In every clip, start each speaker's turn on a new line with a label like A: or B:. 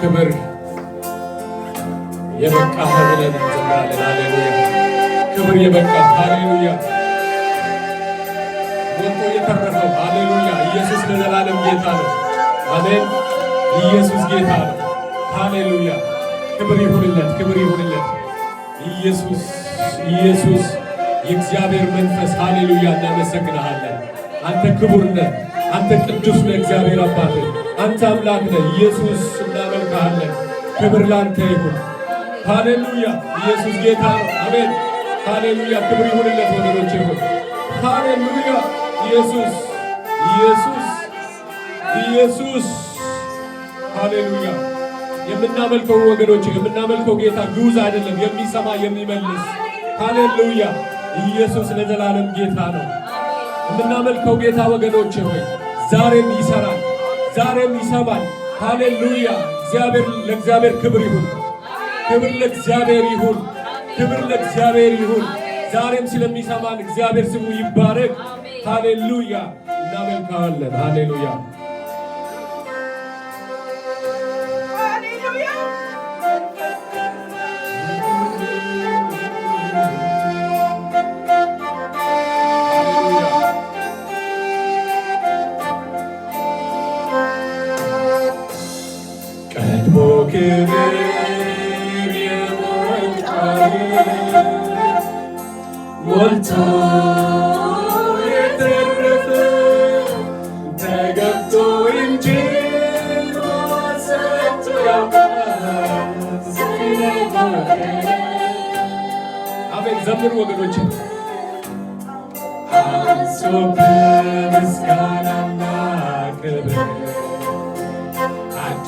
A: ክብር የበቃ ብለን እንዘምራለን። አሌሉያ ክብር የበቃ ሃሌሉያ ወጥቶ የተረፈው ሃሌሉያ ኢየሱስ ለዘላለም ጌታ ነው። አሜን ኢየሱስ ጌታ ነው። ሃሌሉያ ክብር ይሁንለት፣ ክብር ይሁንለት። ኢየሱስ ኢየሱስ የእግዚአብሔር መንፈስ ሃሌሉያ እናመሰግንሃለን። አንተ ክቡር ነህ፣ አንተ ቅዱስ ነህ። እግዚአብሔር አባት አንተ አምላክ ነህ ኢየሱስ ክብር ላንተ ይሁን። ሃሌሉያ ኢየሱስ ጌታ ነው። አሜን ሃሌሉያ። ክብር ይሁንለት ወገኖች ይሁን። ሃሌሉያ ኢየሱስ ኢየሱስ ኢየሱስ ሃሌሉያ። የምናመልከው ወገኖች የምናመልከው ጌታ ግዑዝ አይደለም፣ የሚሰማ የሚመልስ ሃሌሉያ። ኢየሱስ ለዘላለም ጌታ ነው። የምናመልከው ጌታ ወገኖች ሆይ ዛሬም ይሰራል፣ ዛሬም ይሰማል። ሃሌሉያ እግዚአብሔር ለእግዚአብሔር ክብር ይሁን። ክብር ለእግዚአብሔር ይሁን። ክብር ለእግዚአብሔር ይሁን። ዛሬም ስለሚሰማን እግዚአብሔር ስሙ ይባረክ። ሃሌሉያ። እናመልካለን። ሃሌሉያ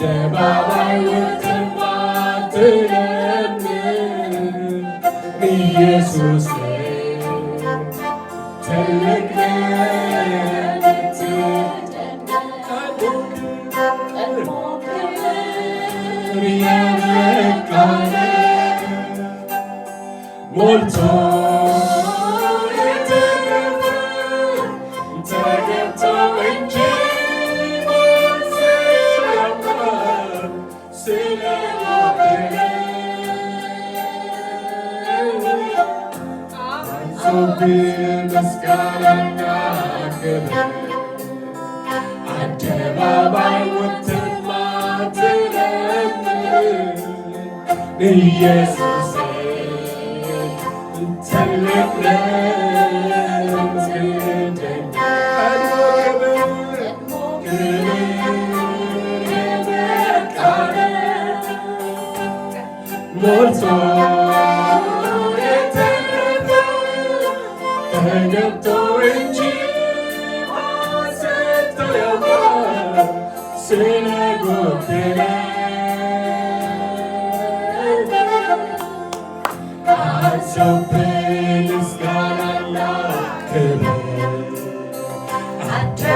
B: ജപാലായി ഒരുത്തൻ പാത്തിരുന്ന് നീ യേശുസേ Molto 예수의 Lord,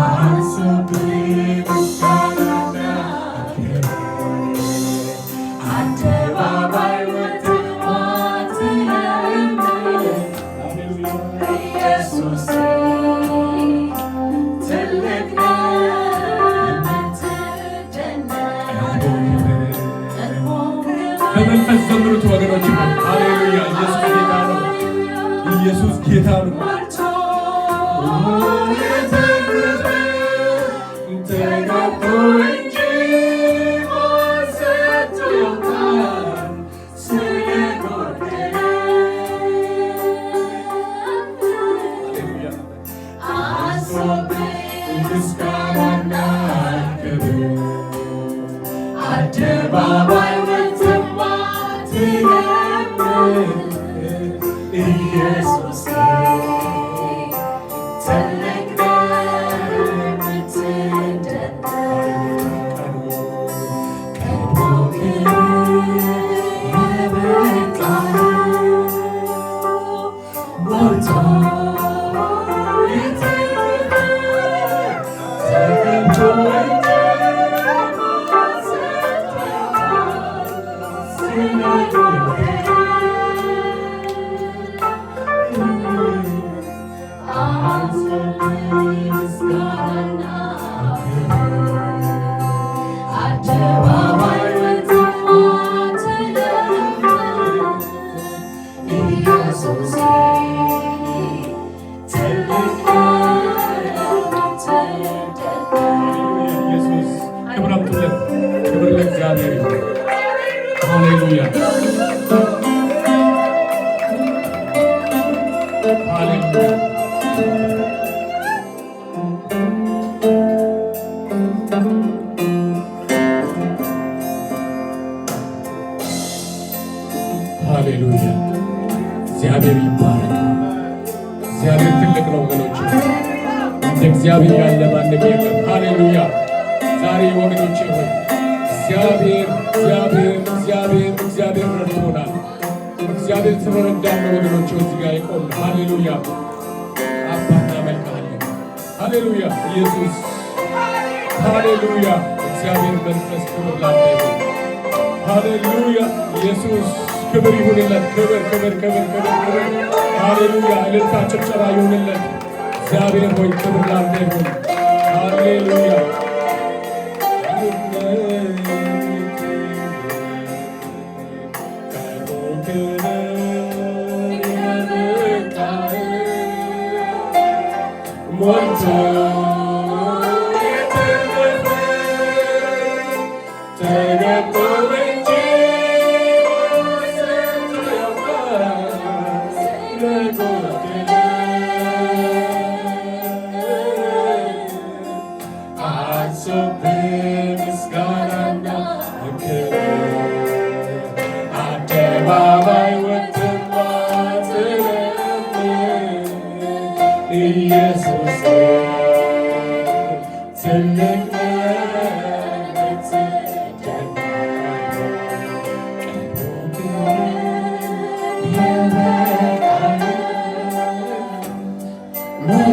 B: Awesome.
A: ሃሌሉያ! እግዚአብሔር ይባረክ። እግዚአብሔር ትልቅ ነው ወገኖች፣ እንደ እግዚአብሔር ያለ ማንም የለም። ሃሌሉያ! ዛሬ ወገኖች ሆይ እግዚአብሔር እግዚአብሔር እግዚአብሔር እግዚአብሔር ረድቶናል። እግዚአብሔር ስለረዳን ወገኖች እዚህ ጋር ይቆም። ሃሌሉያ! አባ እናመልካለን። ሃሌሉያ! ኢየሱስ ሃሌሉያ! እግዚአብሔር መንፈስ ክብር ላንተ ይሁን። ሃሌሉያ ኢየሱስ ክብር ይሁንለት። ክብር ክብር ክብር ክብር ክብር። ሃሌሉያ! እልልታ ጭብጨባ ይሁንለት። እግዚአብሔር ሆይ ክብር ላንተ ይሁን። ሃሌሉያ!
B: ሞልተ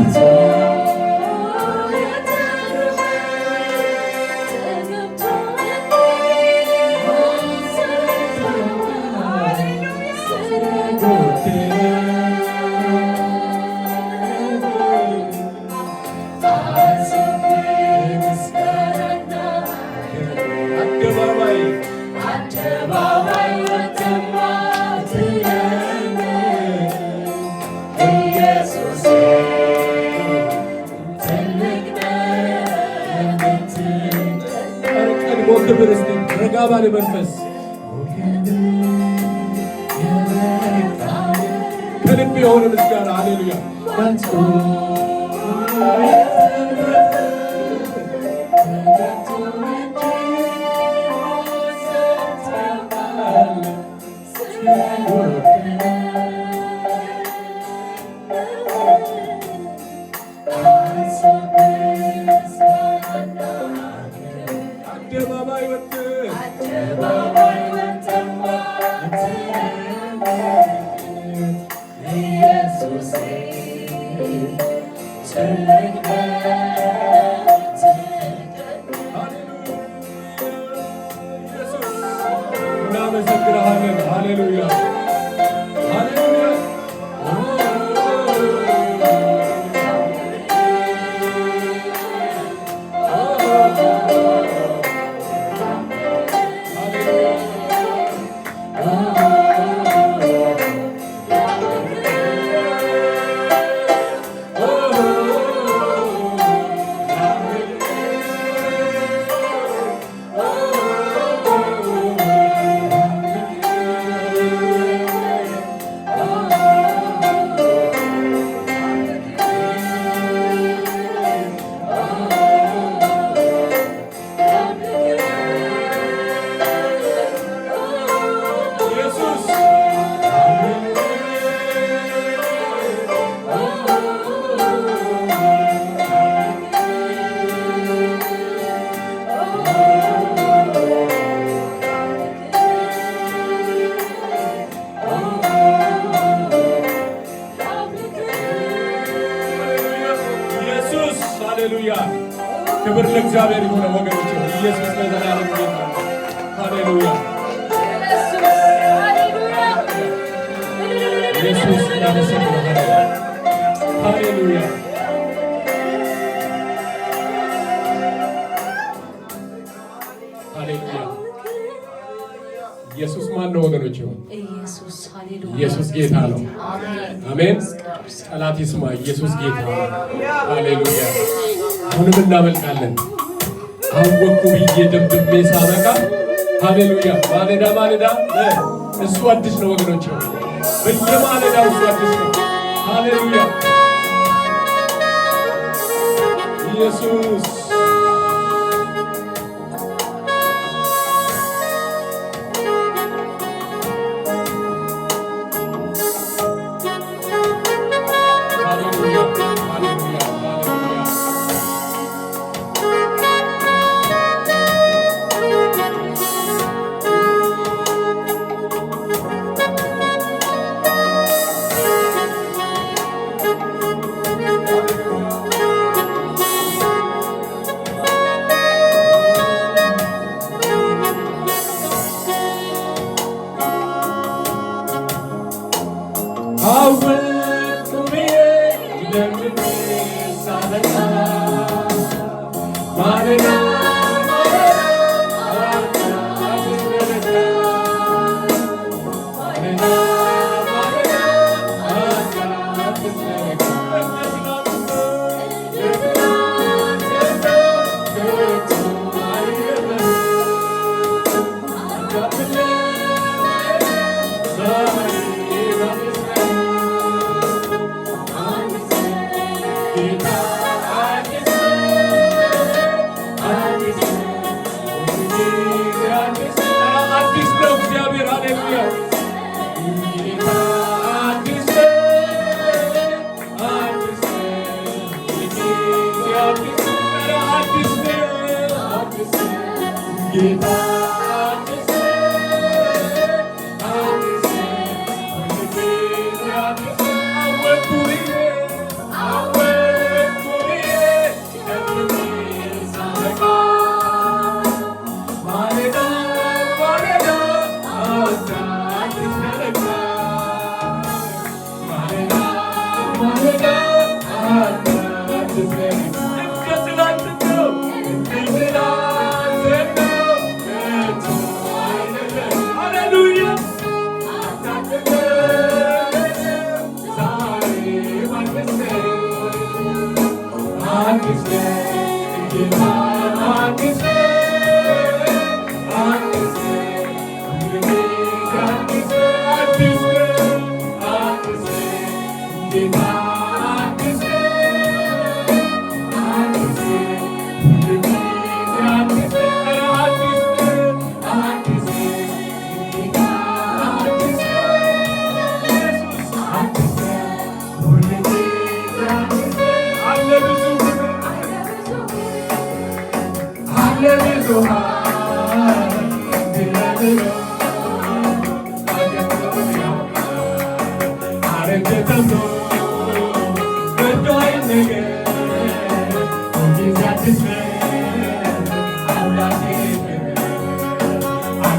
B: Jesus.
A: ደግሞ ክብር እስቲ ረጋ ባለ መንፈስ ከልብ የሆነ ምስጋና አሌሉያ ሃሌሉያ። ኢየሱስ ማን ነው ወገኖች? ኢየሱስ ጌታ ነው። አሜን። ጠላት ይስማ። ኢየሱስ ጌታ ነው። ሃሌሉያ። አሁንም እናመልካለን። አወኩ ብዬ ደብድቤ ሳበቃ ሃሌሉያ። ማለዳ ማለዳ እሱ አዲስ ነው ወገኖች፣ በየማለዳ እሱ አዲስ ነው። ሃሌሉያ Jesus.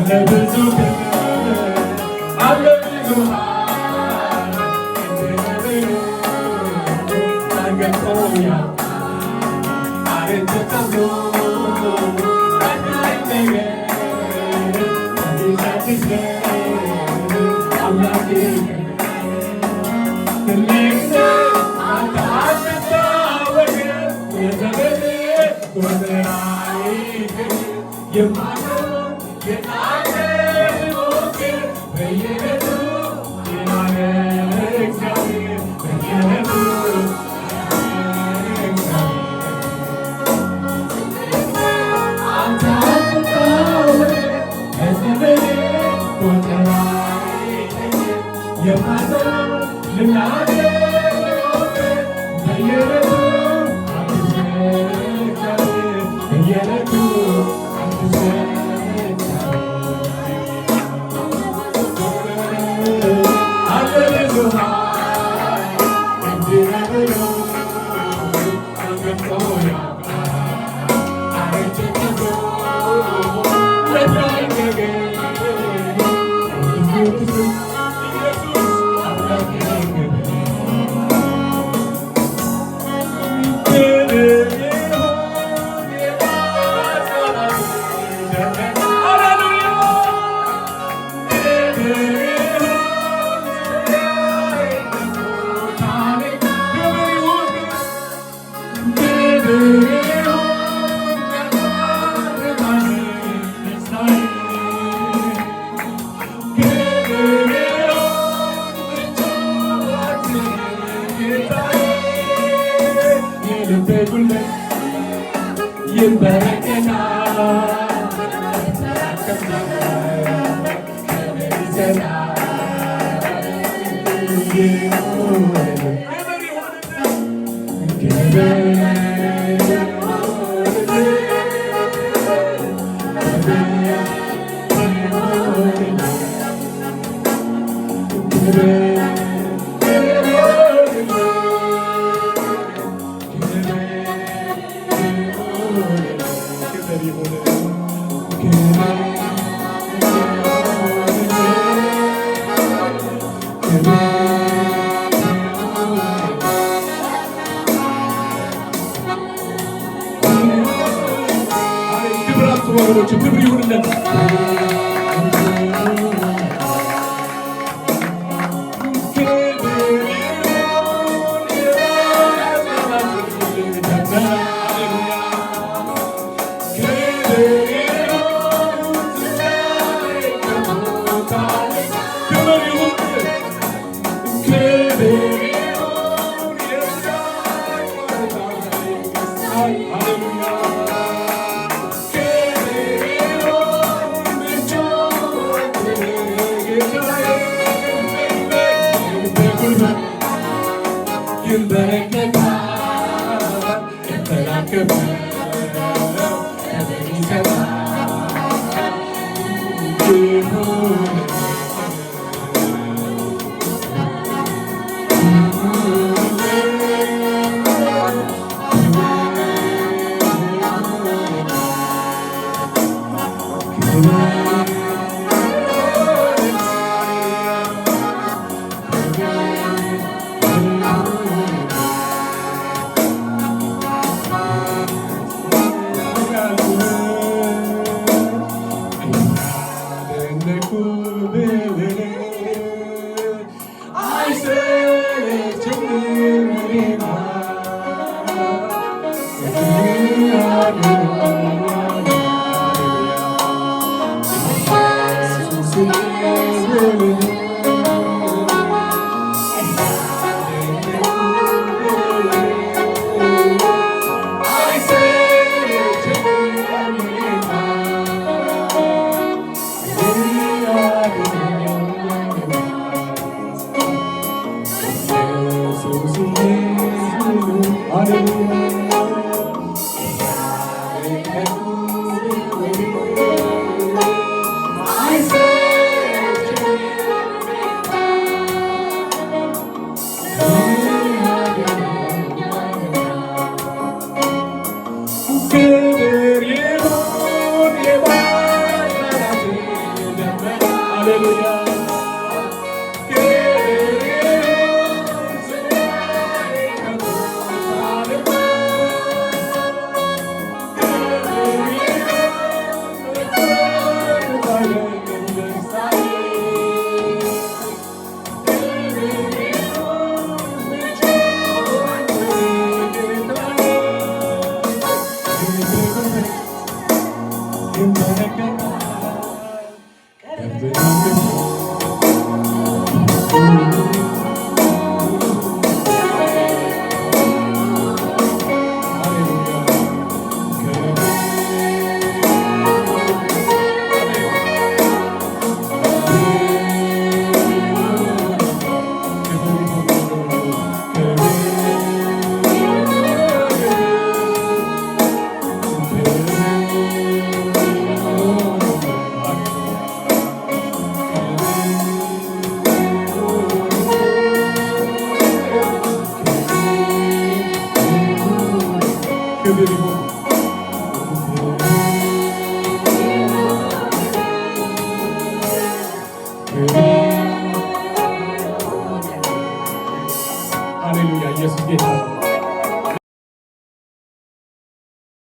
B: I love you, I I love you. 감사합 it. Hallelujah.